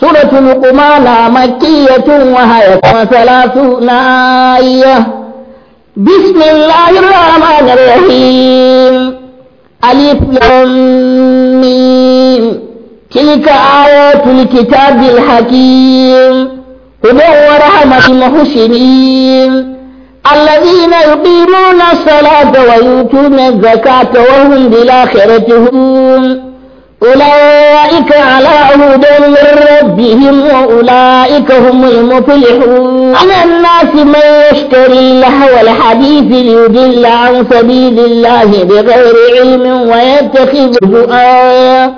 سورة لقمان مكية وهي ثلاثون آية بسم الله الرحمن الرحيم ألف ميم تلك آيات الكتاب الحكيم هدى ورحمة المحسنين الذين يقيمون الصلاة ويؤتون الزكاة وهم بالآخرة هم أولئك على هدى من ربهم وأولئك هم المفلحون على الناس من يشتري لهو الحديث ليضل عن سبيل الله بغير علم ويتخذه آية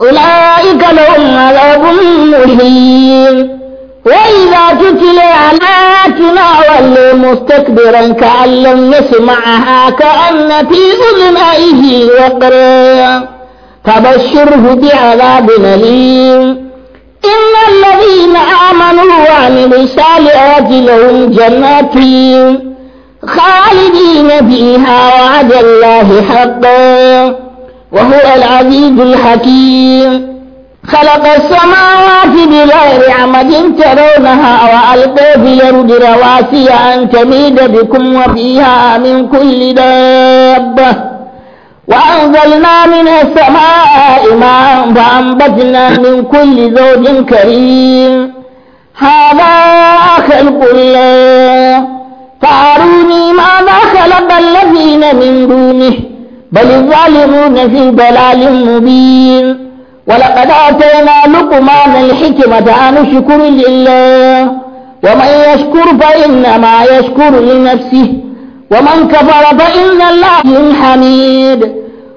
أولئك لهم عذاب مهين وإذا تتلى على آياتنا ولوا مستكبرا كأن لم يسمعها كأن في أذنائه وقرا فبشره بعذاب أليم إن الذين آمنوا وعملوا الصالحات لهم جنات خالدين فيها وعد الله حقا وهو العزيز الحكيم خلق السماوات بغير عمد ترونها وألقى في الأرض رواسي أن تميد بكم وفيها من كل دابة وأنزلنا من السماء ماء وأنبتنا من كل زوج كريم هذا خلق الله فأروني ماذا خلق الذين من دونه بل الظالمون في ضلال مبين ولقد آتينا لقمان الحكمة أن اشكر لله ومن يشكر فإنما يشكر لنفسه ومن كفر فإن الله حميد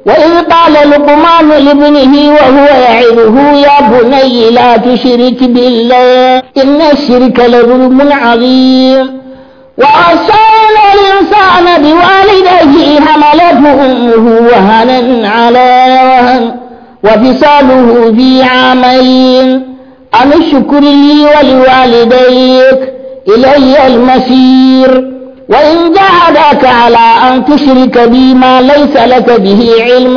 وإذ قال لقمان لابنه وهو يعظه يا بني لا تشرك بالله إن الشرك لظلم عظيم وأرسلنا الإنسان بوالديه حملته أمه وهنا على وهن وفصاله في عامين أن اشكر لي ولوالديك إلي المسير وإن جاهداك على أن تشرك بي ما ليس لك به علم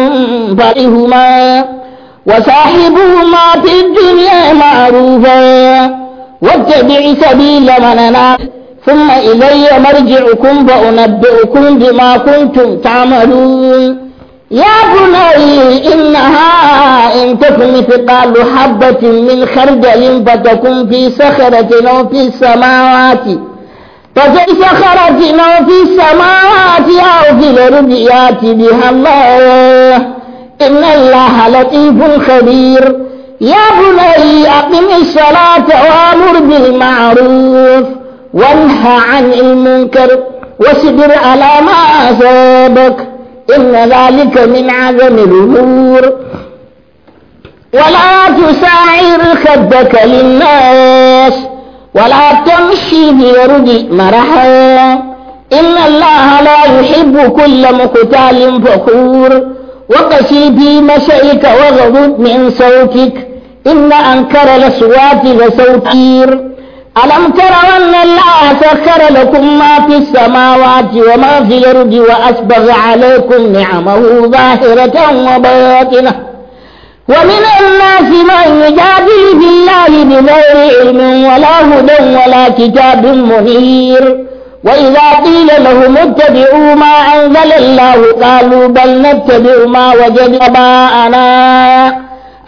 فإهما وصاحبهما في الدنيا معروفا واتبع سبيل من أنا ثم إلي مرجعكم فأنبئكم بما كنتم تعملون يا بني إنها إن تكن مثقال حبة من خردل فتكن في صخرة أو في السماوات فكيف خرجنا في السماوات أو في الأرض يأتي بها الله إن الله لطيف خبير يا بني أقم الصلاة وأمر بالمعروف وانهى عن المنكر واصبر على ما أصابك إن ذلك من عزم الأمور ولا تساعر خدك للناس ولا تمشي بيرجي مرحا إن الله لا يحب كل مقتال فخور وقسي في مشيك وغضب من صوتك إن أنكر الأصوات لصوتير ألم ترون الله سخر لكم ما في السماوات وما في الأرض وأسبغ عليكم نعمه ظاهرة وباطنة ومن الناس من يجادل بالله بغير علم ولا هدى ولا كتاب منير وإذا قيل لهم اتبعوا ما أنزل الله قالوا بل نتبع ما وجد آباءنا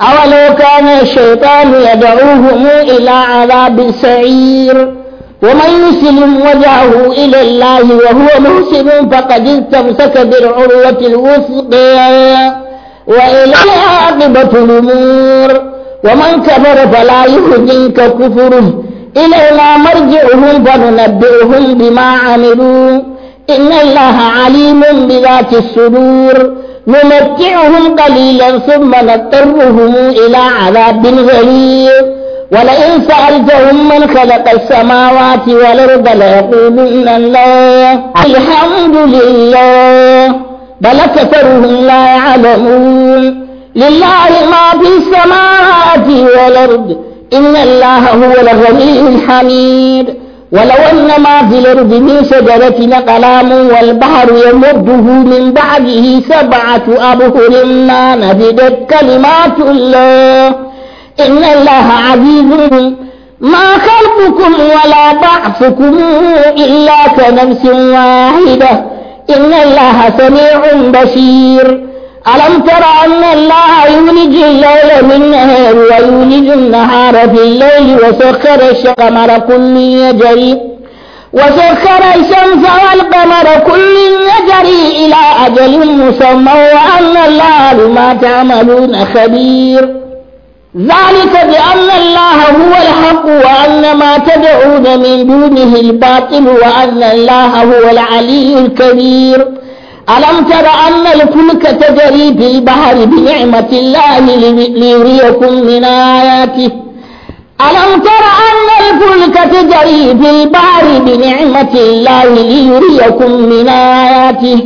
أولو كان الشيطان يدعوهم إلى عذاب السعير ومن يسلم وجهه إلى الله وهو محسن فقد استمسك بالعروة الوثقى وإلى عاقبة الأمور ومن كفر فلا يهزنك كفره إلينا مرجعهم فننبئهم بما عملوا إن الله عليم بذات الصدور نمتعهم قليلا ثم نضطرهم إلى عذاب غليظ ولئن سألتهم من خلق السماوات والأرض ليقولن الله الحمد لله بل أكثرهم لا يعلمون لله ما في السماوات والأرض إن الله هو الغني الحميد ولو أن ما في الأرض من شجرة قلام والبحر يمده من بعده سبعة أبهر ما نفدت كلمات الله إن الله عزيز ما خلقكم ولا بعثكم إلا كنفس واحدة إن الله سميع بشير ألم تر أن الله يولج الليل في ويولج النهار في الليل وسخر الشمس كل يجري وسخر الشمس والقمر كل يجري إلى أجل مسمى وأن الله بما تعملون خبير ذلك بأن الله هو الحق وأن ما تدعون من دونه الباطل وأن الله هو العلي الكبير ألم تر أن الفلك تجري في البحر بنعمة الله ليريكم من آياته ألم تر أن الفلك تجري في البحر بنعمة الله ليريكم من آياته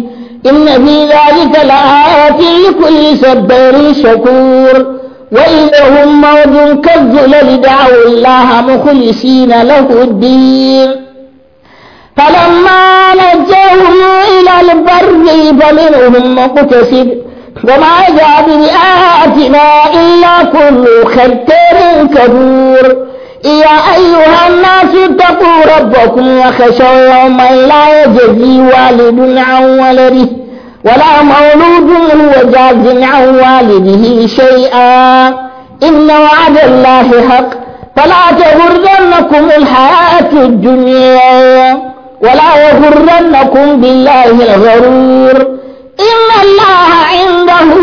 إن في ذلك لآيات لكل صبر شكور وإنهم هم موج كالذلل دعوا الله مخلصين له الدين فلما نجاهم إلى البر فمنهم مقتصد وما جاء بآياتنا إلا كل ختار كبور يا أيها الناس اتقوا ربكم وخشوا يوما لا يجزي والد عن ولده ولا مولود هو جاز عن والده شيئا إن وعد الله حق فلا تغرنكم الحياة الدنيا ولا يغرنكم بالله الغرور إن الله عنده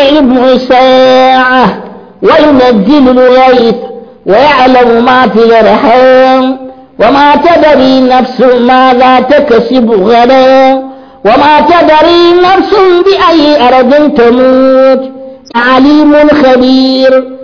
علم ساعة وينزل الغيث ويعلم ما في الأرحام وما تدري نفس ماذا تكسب غدا وما تدري نفس بأي أرض تموت عليم خبير